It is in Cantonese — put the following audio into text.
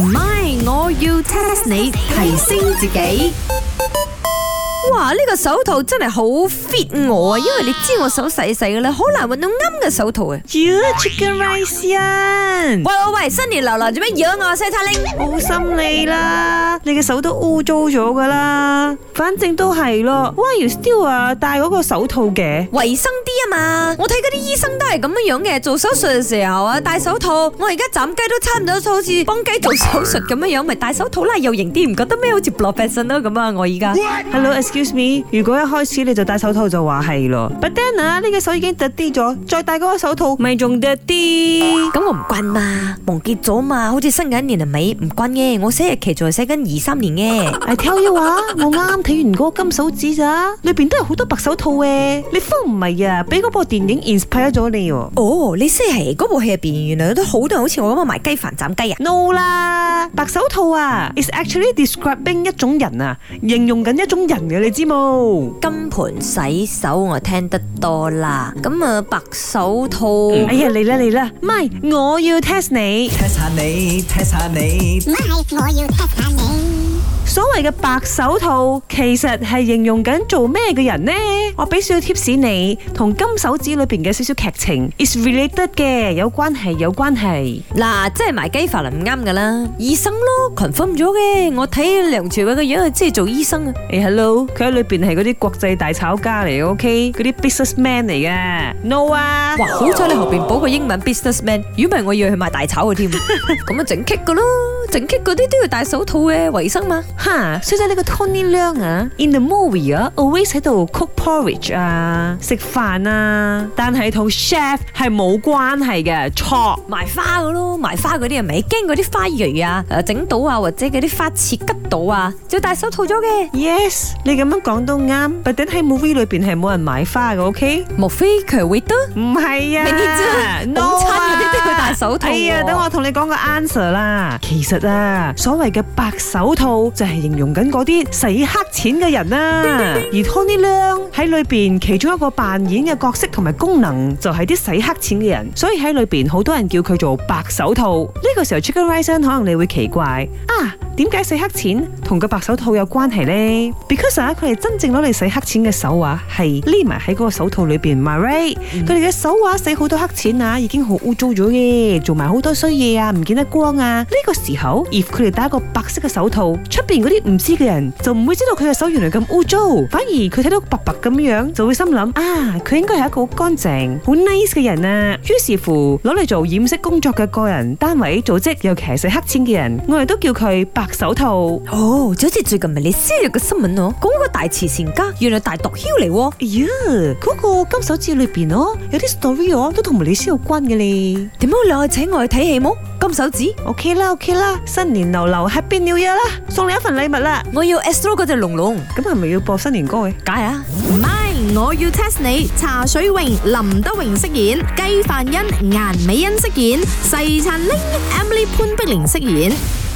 唔係，mind, 我要 test 你提升自己。哇，呢、這個手套真係好 fit 我啊，因為你知我手細細嘅，啦，好難揾到啱嘅手套嘅。咦，Chicken Rice 啊！喂喂喂，新年流流做咩惹我西塔玲？好心你啦，你嘅手都污糟咗噶啦，反正都係咯。Why you still 啊戴嗰個手套嘅？衛生啲啊嘛，我睇嗰啲醫生都係咁樣樣嘅，做手術嘅時候啊，戴手套。我而家斬雞都差唔多，好似幫雞做手術咁樣樣，咪戴手套啦，又型啲，唔覺得咩好似不落凡塵咯咁啊！我而家，Hello，excuse me，如果一開始你就戴手套就話係咯。But then 啊，呢個手已經 dirty 咗，再戴嗰個手套咪仲 dirty？咁我唔慣嘛，忘記咗嘛，好似新嘅一年嚟，咪唔慣嘅。我寫日期仲係寫緊二三年嘅。I tell you 話，我啱睇完嗰個金手指咋，裏邊都有好多白手套嘅。你方唔係啊？俾嗰部電影 inspire 咗你喎。哦，你識係嗰部戲入邊，原來都好多人好似我咁啊賣雞飯斬雞啊。No 啦，白手套啊，It's actually describing 一種人啊，形容緊一種人嘅，你知冇？金盆洗手我聽得多啦，咁啊白手套。哎呀嚟啦嚟啦，咪我要 test 你。Test 下你。Test 下你。咪我要 test 下你。所謂嘅白手套，其實係形容緊做咩嘅人呢？我俾少少 t 士你，同金手指裏邊嘅少少劇情，is related 嘅，有關係有關係。嗱，即係賣雞法就唔啱噶啦，醫生咯，群瘋咗嘅。我睇梁朝偉嘅樣，佢即係做醫生啊。誒、hey,，hello，佢喺裏邊係嗰啲國際大炒家嚟嘅，ok，嗰啲 businessman 嚟嘅。no 啊，哇，好彩你後邊補個英文 businessman，如果唔係，我要去佢賣大炒嘅添，咁啊整棘 i c 咯。 整極嗰啲都要戴手套嘅、啊、衞生嘛、啊，哈！小姐你個 Tony 梁啊，In the movie 啊，always 喺度 cook porridge 啊，食飯啊，但係同 chef 係冇關係嘅，錯。賣花嘅咯，賣花嗰啲係咪驚嗰啲花蕊啊？誒、啊、整到啊，或者嗰啲花刺吉到啊，做大手套咗嘅。Yes，你咁樣講都啱。但係喺 movie 裏邊係冇人買花嘅，OK？莫非佢會得？唔係啊，你真係講親嗰啲，佢大手套。係啊，等我同你講個 answer 啦。其實啊，所謂嘅白手套就係形容緊嗰啲洗黑錢嘅人啊。而 Tony Leung 喺裏邊其中一個扮演嘅角色同埋功能就係啲洗黑錢嘅人，所以喺裏邊好多人叫佢做白手套。呢個時候 Chicken Rising 可能你會奇怪啊。點解洗黑錢同個白手套有關係呢？Because 啊，佢哋真正攞嚟洗黑錢嘅手啊，係匿埋喺嗰個手套裏邊。Marie，佢哋嘅手啊，洗好多黑錢啊，已經好污糟咗嘅，做埋好多衰嘢啊，唔見得光啊。呢、這個時候，If 佢哋戴一個白色嘅手套，出邊嗰啲唔知嘅人就唔會知道佢嘅手原來咁污糟，反而佢睇到白白咁樣就會心諗啊，佢應該係一個好乾淨、好 nice 嘅人啊。於是乎，攞嚟做掩飾工作嘅個人、單位、組織，尤其係洗黑錢嘅人，我哋都叫佢白。手套哦，就好似最近迷你思嘅新聞哦，講個大慈善家，原來大毒梟嚟。哎呀，嗰個金手指裏邊哦，有啲 story 哦，都同迷你思有關嘅咧。點解你兩個請我去睇戲冇？金手指，OK 啦，OK 啦，新年流流 happy new year 啦，送你一份禮物啦。我要 Astro 嗰隻龍龍，咁係咪要播新年歌嘅？梗係啊，唔係，我要 TEST 你。茶水榮、林德榮飾演，雞飯恩、顏美恩飾演，細燦玲、Emily 潘碧玲飾演。